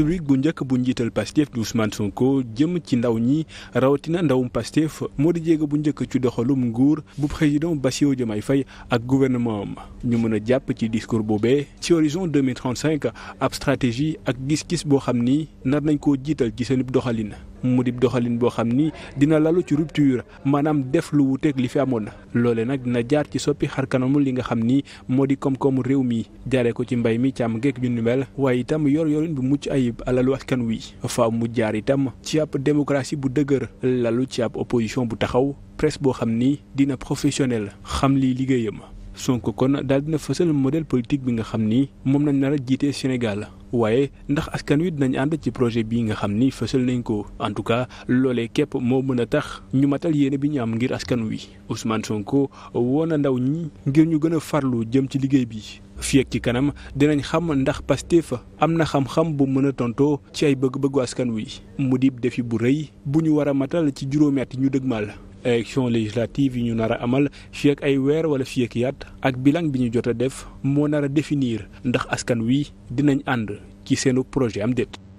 république bu njëkk bu njiital Pastef di Ousmane Sonko jëm ci ndaw ñi rawatina ndawum Pastef moo di jéego bu njëkk ci doxalum nguur bu président Bassirou Diomaye Faye ak gouvernement am ñu mën a jàpp ci discours boobee ci horizon 2035 ab stratégie ak gis-gis boo xam ni nar nañ ko jiital ci seen doxalin. mu di doxalin boo xam ni dina lalu ci rupture maanaam def lu wuteeg li fi amoon loole nag dina jaar ci soppi xar kanamu li nga xam ni moo di koom-koomu réew mi jaaree ko ci mbay mi càmm geeg yu ni mel waaye itam yor-yorin bu mucc ayib alalu askan wi fa mu jaar itam ci ab démocratie bu dëgër lalu ci ab opposition bu taxaw presse boo xam ni dina professionnel xam lii liggéeyam Sonko kon daal dina fësal model politique bi nga xam ni moom lañ nar a jiitee Sénégal. waaye ndax askan wi dinañ ànd ci projet bii nga xam ni fësal nañ ko en tout cas loolee képp moo mën a tax ñu matal yéene bi ñu am ngir askan wi Ousmane Sonko woo na ndaw ñi ngir ñu gën a farlu jëm ci liggéey bi. fii ak ci kanam dinañ xam ndax Pastef am na xam-xam bu mën a tontoo ci ay bëgg-bëggu askan wi mu dib defi bu rëy bu ñu war a matal ci juróomi at yi ñu dëgmal. élection législative yi ñu nar a amal fii ay weer wala fii ak yàtt ak bilan bi ñu jot a def moo nar a définir ndax askan wi dinañ ànd ci seen projet am déet.